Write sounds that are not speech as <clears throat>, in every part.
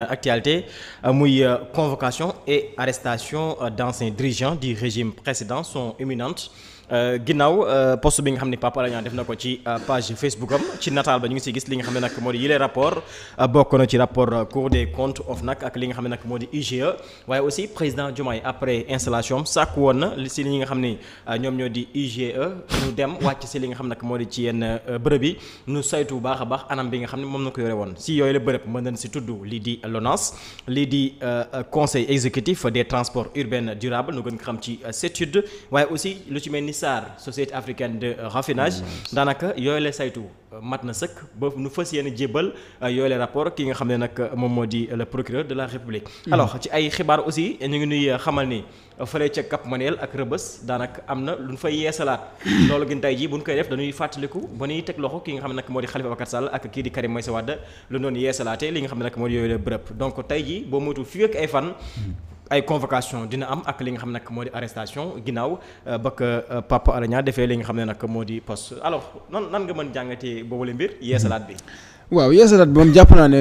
actualité euh, muy euh, convocation et arrestation euh, d'anciens dirigeants du régime précédent sont imminentes Euh, ginnaaw euh, post bi nga xam ne Pape def na ko ci euh, page Facebook ci nataal ba ñu ngi si gis li nga xam ne nag moo di yile rapport bokk na ci rapport Cour des comptes OFNAC ak li nga xam ne nag moo di IGE waaye aussi président Diomaye après installation am sàkku woon na si li nga xam ne ñoom ñoo di IGE ñu dem wàcc si li nga xam nag moo di ci yenn bërëb yi nu saytu bu baax a baax anam bi nga xam ne moom na ko yore woon si yooyu la bërëb mën nañ si tudd lii di LONASE lii di conseil exécutif des transports urbains durables ñu gën ko xam ci CETUD SAR société africaine de euh, raffinage daanaka yooyu la saytu euh, mat na sëkk ba nu fas yéene jébbal euh, yooyu la rapport ki nga xam ne nag moom moo di le procureur de la république hmm. alors ci ay xibaar aussi ñu ngi nuy xamal ni fële ca Cap Manuel ak Rëbës daanaka am na lu ñu fay yeesalaat <coughs> loolu gin tey ji bu ñu koy def dañuy fàttaliku ba ñuy teg loxo ki nga xam ne nag moo di Khalifa Ababacar Sall ak kii di Karim Meïssa Wade lu doon yeesalaate li nga xam ne moo di yooyu ay convocation dina am ak li nga xam ne nag moo di arrestation ginnaaw euh, ba euh, Pape Alé Niang defee li nga xam ne nag moo di poste alors nan nan nga mën jàngatee boobule mbir yeesalaat bi. Hmm. waaw yeesalaat bi moom jàpp naa ne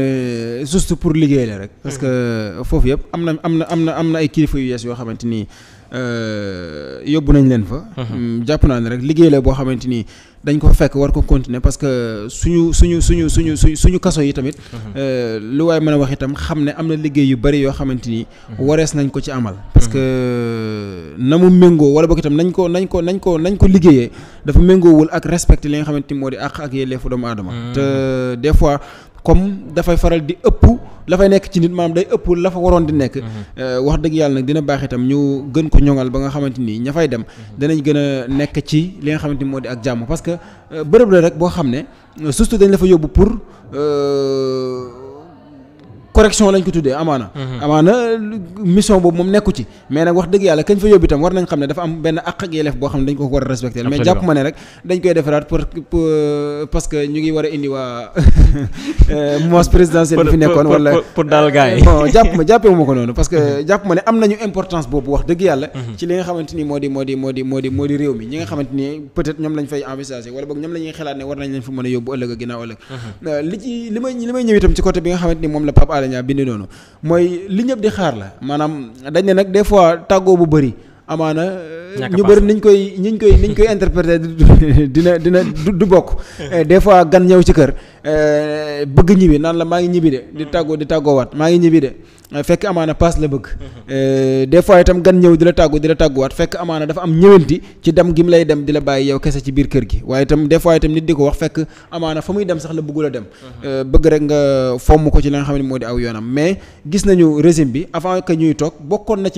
juste pour liggéey la rek. parce hmm. que foofu yëpp am na am na am na am na ay kilifa yu yees yoo xamante nii Euh, yóbbu nañ leen fa. Mhm. Mm, jàpp naa ne rek liggéey la boo xamante ni dañ ko fekk war ko continuer parce que suñu suñu suñu suñu suñ suñu kaso yi tamit. Mhm. Euh, lu waay mën a wax itam xam ne am na liggéey yu bari yoo xamante ni. Mhm. warees nañ ko ci amal. parce que euh, na mu méngoo wala boog itam nañ ko nañ ko nañ ko nañ ko liggéeyee dafa méngoowul ak respecté li nga xamante ni moo di àq ak yelleefu doomu aadama. te des fois comme dafay faral di ëpp lafay nekk ci nit maanaam day ëpp lafa waroon di nekk. Mhm. Euh, wax dëgg yàlla nag dina baax itam ñu gën ko ñoŋal ba nga xamante ni ña fay dem. Mhm. danañ gën a nekk ci li nga xamante ni moo di ak jàmm parce que euh, bërëb rek boo xam ne surtout dañ la fa yóbbu pour. Euh, correction lañ ko tuddee amaana. Mhm. amaana mission boobu moom nekku ci. mais nag wax dëgg yàlla kañ fa yóbbu war a a indi waa nañu mhm. xamante ni moo di moo ne war nañ fa mën a yóbbu ëllëg a ginnaaw ëllëg mhm. euh, li may ñëw itam ci côté bi nga xamante ni moom la Pape Alé Bara Niang bind noonu mooy li ñëpp di xaar la maanaam dañ ne nag des fois tàggoo bu bëri amaana. ñu bëri niñ koy niñ koy niñ koy interpréter dina dina du bokk. <laughs> Eh, des fois gan ñëw ci kër eh, bëgg ñibbi naan la maa ngi ñibbi de. di mm-hmm. tàggoo di tàggoowaat maa ngi ñibbi de. Eh, fekk amaana paas la bëgg. Mm-hmm. des fois itam gan ñëw di la tàggu di la tàgguwaat fekk amaana dafa am ñëwanti ci dem gi mu lay dem di la bàyyi yow kese ci biir kër gi waaye itam des fois itam nit di ko wax fekk amaana fa muy dem sax la bëggul a dem. Mm-hmm. bëgg rek nga fomm ko ci li nga xamante ni moo di aw yoonam bi avant que ñuy toog bokkoon na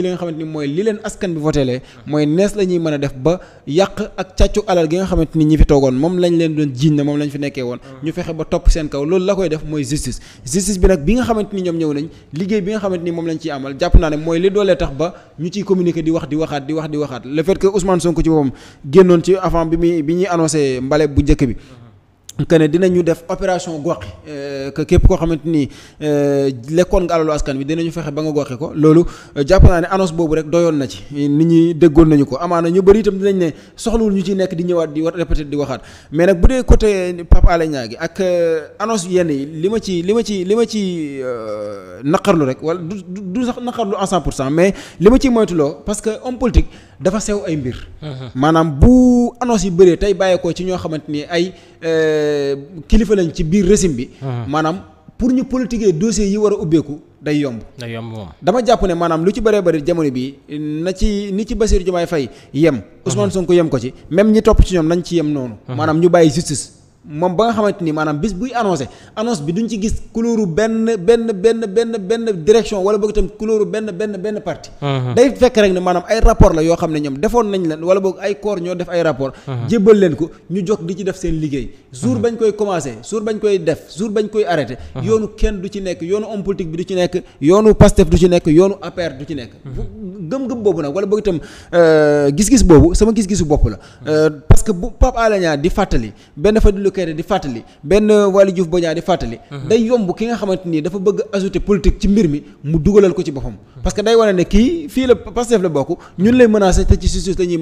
télé mooy nees la ñuy a def ba yàq ak càccu alal gi nga xamante ñi fi toogoon moom lañ leen doon jiiñ ne moom lañ fi nekkee woon mm. ñu fexe ba topp seen kaw loolu la koy def mooy justice justice bi nag bi nga xamante ni ñoom ñëw nañ liggéey bi nga xamante ni moom lañ ciy amal jàpp naa ne mooy li doolee tax ba ñu ciy communiquer di wax di waxaat di wax di waxaat le fait que Ousmane Sonko ci boppam génnoon ci avant bi bi ñuy annoncé mbale bu njëkk bi mm. que ne dinañu def opération gox euh, que képp koo xamante ni euh, lekkoon nga alalu askan bi dinañu fexe ba nga goxi ko loolu euh, jàpp naa anonce boobu rek doyoon na ci nit ñi déggoon nañu ko amaana ñu bëri itam dinañ ne soxlawul ñu ciy nekk di ñëwaat di war répété di waxaat mais nag bu dee côté Pape Alé ñaa gi ak annonce yenn yi li ma ci li ma ci li ma ci naqarlu rek wala du du sax naqarlu en cent pour cent mais li ma ciy moytuloo parce que homme politique dafa sew ay mbir. Uh-huh. maanaam bu annonce yi bëree tey bàyyeekoo ci ñoo xamante ni ay euh, kilifa lañ ci biir régime bi. Uh-huh. maanaam pour ñu politiquer dossier yi war a ubbeeku day yomb. day yomb moom dama jàpp ne maanaam lu ci baree bëri jamono bii na ci ni ci Bassirou Diomaye fay yem. Uh-huh. Ousmane Sonko yem ko ci même ñi topp ci ñoom nañ ci yem noonu. maanaam ñu bàyyi justice. moom ba nga xamante ni maanaam bis buy annoncé annonce bi duñ ci gis couleur benn benn benn benn benn direction wala boog itam couleur benn benn benn parti uh-huh. day fekk rek ne maanaam ay rapport la yoo xam ne ñoom defoon nañ leen wala boog ay corps ñoo def ay rapport uh-huh. jébbal leen ko ñu jog di ci def seen liggéey jour uh-huh. bañ koy commencé jour bañ koy def jour bañ koy arrêté yoonu kenn du ci nekk yoonu homme politique bi du ci nekk yoonu Pastef du ci nekk yoonu APR du ci nekk gëm-gëm boobu nag wala boog itam euh, gis-gis boobu sama gis-gisu bopp la euh, parce que bu Pape Alé Niang di fàttali benn fa di Kayre di fàttali benn Waly Diouf Bodian di fàttali mhm. day yomb ki nga xamante nii dafa bëgg ajouter politique ci mbir mi mu dugalal ko ci boppam parce que day wane ne kii fii la Pastef la bokk ñun lay menacer te ci justice la ñuy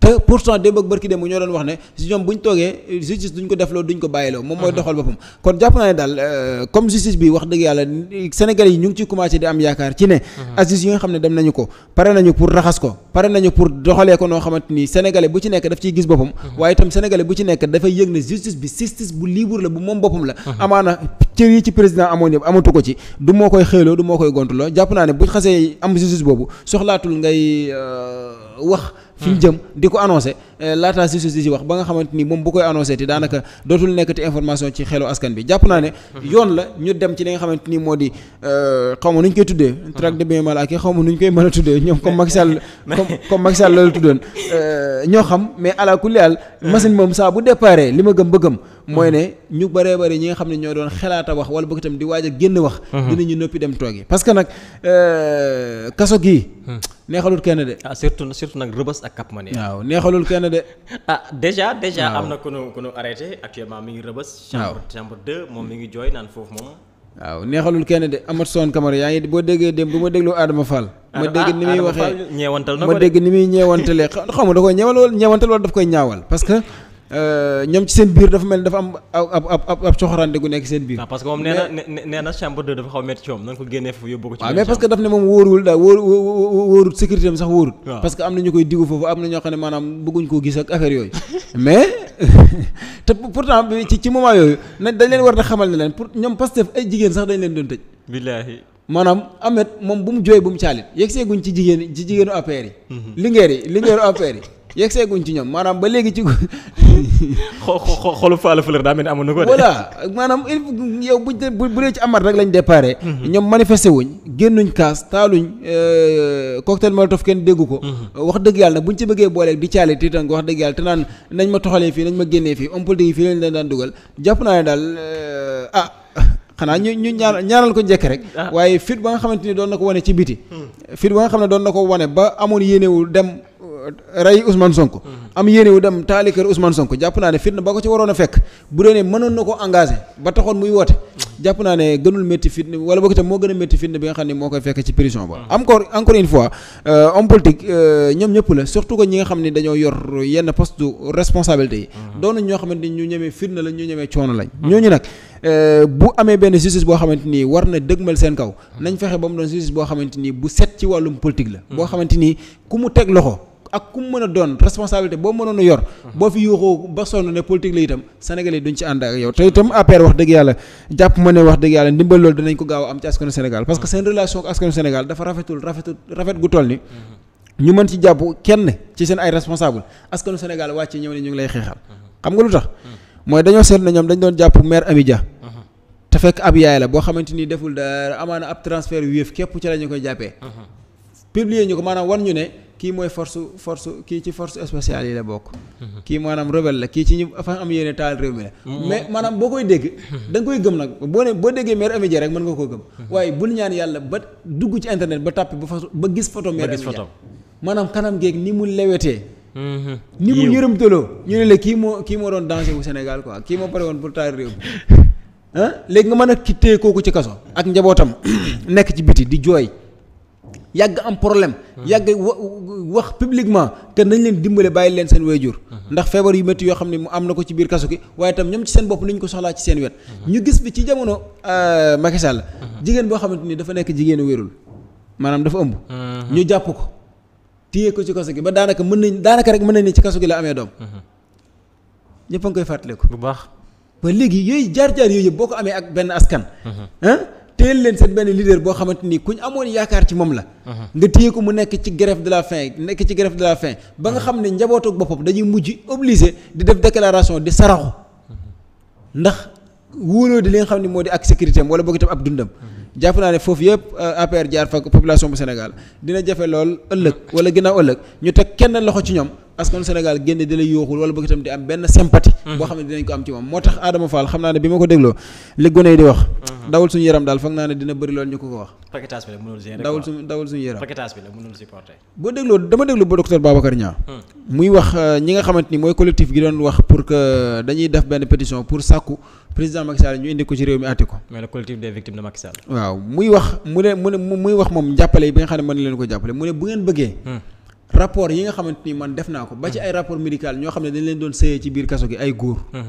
te pourtant démb ak barki démb ñoo doon wax ne si ñoom toogee justice duñ ko defloo duñ ko bàyyiloo moom mooy mhm. doxal boppam kon jàpp naa ne daal euh, comme justice bi wax dëgg yàlla Sénégalais yi ñu ngi ciy commencé di am yaakaar justice bi bu libre la bu moom boppam la amaana cër yi ci président amoon yëpp amatu ko ci du moo koy xëyloo du moo koy gontuloo jàpp naa ne bu xasee am justice boobu soxlaatul ngay euh, wax fi ñu hmm. jëm di ko annoncé euh, laataa justice di ci wax ba nga xamante ni moom bu koy annoncé ti daanaka dootul nekk ti information ci xelu askan bi jàpp naa ne hmm. yoon la ñu dem ci li nga xamante ni moo di euh, xaw ma nu ñu koy tuddee hmm. traque de bien mal ki xaw ma nu ñu koy mën a tuddee ñoom comme Macky Sall <laughs> comme comme Macky Sall la tuddoon xam mais ala kulli haal machine saa bu déparé li ma gëm ba gëm mooy ne ñu bëree bëri ñi nga xam ne ñoo doon xalaat a wax wala bëgg itam di waaj a génn wax dinañu noppi dem toogi parce que nag euh, kaso gii neexalul kenn de ah surtout surtout nag rëbës ak Cap Manuel waaw neexalul de ah déjà am na ku nu ku nu arrêté mi ngi rëbës chambre chambre 2 moom ngi jooy naan foofu moom waaw neexalul kenn de Amathsone Camara yaa ngi boo déggee dem bu ma dégloo Adama Fall. ma dégg ah, ni muy waxee ma dégg ni muy ñeewantalee xaw ma da koy ñeewal wala ñeewantal wala daf koy ñaawal parce Euh, ñoom ci seen biir dafa mel ni dafa am ab ab ab coxorante gu nekk seen biir. waaw moom nee na nee de dafa xaw a métti ci moom na nga ko génnee foofu yóbbu ko ci. waaw mais parce que daf ne moom wóoruwul yooyu na dañ leen war a xamal ne leen pour ñoom Pastef ay jigéen sax dañ leen doon tëj. maanaam Ahmed moom bu mu jooy bu mu caalit yegg ci jigéen ci jigéenu APR yi. Mhm. lingeer yi lingeeru APR yi <laughs> yegseeguñ ci ñoom maanaam ba léegi ci. <laughs> xo xolu Fallou Fleur daa mel ni amoon na ko de. voilà maanaam bu bu dee ci Amar rek lañ déparé. Mhm. ñoom manifesté wuñ génnuñ kaas taaluñ euh, cocktail molotov kenn déggu ko. Mhm. wax dëgg yàlla nag buñ ci bëggee booleeg di caale tiitan wax dëgg yàlla te naan nañ ma toxalee fii nañ ma génnee fii homme politique fii lañ leen daan dugal jàpp naa ne daal euh, ah. xanaa ñu ñu ñaar ñaaral ko njëkk rek ah. waaye fit ba nga xamante ni doon na ko wane ci biti hmm. fit ba nga xam ne doon na ko wane ba amoon yéenewul dem uh, ray Ousmane Sonko hmm. am yéene wu dem taali kër Ousmane Sonko jàpp naa ne fitna ba ko ci waroon a fekk bu dee ne mënoon na ko engagé ba taxoon muy woote jàpp naa ne gënul métti fitna wala boo ko tam moo gën a métti fitna bi nga xam ne moo koy fekk ci prison ba hmm. encore encore une fois euh, homme politique euh, ñoom ñëpp la surtout que ñi nga xam ne dañoo yor yenn poste de responsabilité yi doonu ñoo xamante ni ñu ñemee fitna la ñu ñemee coono lañ ñooñu nag Euh, bu amee benn justice boo xamante ni war na dëgmal seen kaw nañ fexe ba mu doon justice boo xamante ni bu set ci wàllum politique la. Hmm. boo xamante ni ku mu teg loxo. ak ku mu mën a doon responsabilité boo mënoon a hmm. ba sonn ne politique la itam sénégalais duñ ci ànd ak yow te itam APR wax dëgg yàlla jàpp ma ne wax dëgg yàlla ndimbal loolu a am hmm. doon jàpp maire Amidia te fekk ab yaay la boo xamante ni deful da amaana ab transfert wéef képp ci la ñu koy jàppee. Uh-huh. publier ñu ko maanaam wan ñu ne kii mooy force force kii ci force spéciale yi la bokk. Uh-huh. kii maanaam rebelle la kii ci ñu fa am yéene taal réew mi la. Mm-hmm. mais maanaam boo koy dégg. Uh-huh. da koy gëm nag boo ne boo déggee mère Amy Dia rek mën nga koo gëm. waaye bul ñaan yàlla ba dugg ci internet ba tàppi ba ba gis foto mère Amy maanaam kanam geeg ni mu lewetee. Mm-hmm. ni mu yërëmtaloo ñu ne la moo kii moo doon danger wu Sénégal quoi kii moo pare woon pour taal réew mi. <laughs> léegi nga mën a ki téye kooku ci kaso ak njabootam <clears throat> nekk ci biti di jooy yàgg am problème hmm. yàgg wax publiquement que nañ leen dimbale bàyyi leen seen waajur hmm. ndax feebar yu métti yoo xam ne mu am na ko ci biir kaso gi waaye tam ñoom ci seen bopp ni ñu ko soxlaa ci seen wet hmm. ñu gis bi ci jamono euh, Macky Sall jigéen boo xamante ni dafa nekk jigéenu wérul maanaam dafa ëmb ñu jàpp ko téye ko ci kaso gi ba daanaka mën nañ daanaka rek mën nañ ne ci kaso ki la amee doom ñëpp ngi koy fàttaliku bu baax ba léegi yooyu jaar-jaar yooyu boo ko amee ak benn askan. Mhm. Ah, téyel leen seen benn leader boo xamante ni ku ñu amoon yaakaar ci moom la. Mhm. nga téye ko mu nekk ci grève de la faim nekk ci grève de la fin ba nga mhm. xam ne njabootu ak boppam dañuy mujj obligé di def déclaration di saraxu ndax wóoloo di li nga xam ne moo di ak sécurité am wala boog itam ab dundam. jàpp naa ne foofu yëpp euh, APR jaar fa population bu Sénégal dina jafe lool ëllëg wala ginnaaw ëllëg ñu teg kenn loxo ci ñoom. askanu Sénégal génne di la yooxul wala bëgg itam di am benn sympathie mhm. boo xam ne dinañ ko am ci moom moo tax Adama Fall xam naa ne bi ma ko dégloo li gone yi di wax mhm. dawul suñu yaram boo dégloo dama déglu ba docteur Babacar Niang hmm. muy wax euh, ñi nga xamante ni mooy collectif gi doon wax pour que dañuy def benn pétition pour sàkku président Macky Sall ñu indi ko ci réew mi àtte ko waaw muy wax mu ne mu ne muy wax moom jàppale yi bi nga xam ne mën leen ko rapport yi nga xamante ni man def naa ko. ba ci hmm. ay rapport médical ñoo xam ne dañ leen doon sëyee ci biir kaso gi ay góor. Hmm.